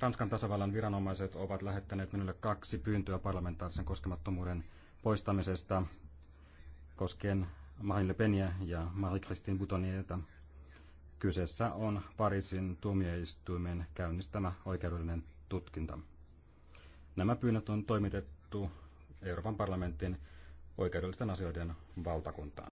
Ranskan tasavallan viranomaiset ovat lähettäneet minulle kaksi pyyntöä parlamentaarisen koskemattomuuden poistamisesta koskien Marine Le Penia ja Marie-Christine Boutonnierta. Kyseessä on Pariisin tuomioistuimen käynnistämä oikeudellinen tutkinta. Nämä pyynnöt on toimitettu Euroopan parlamentin oikeudellisten asioiden valtakuntaan.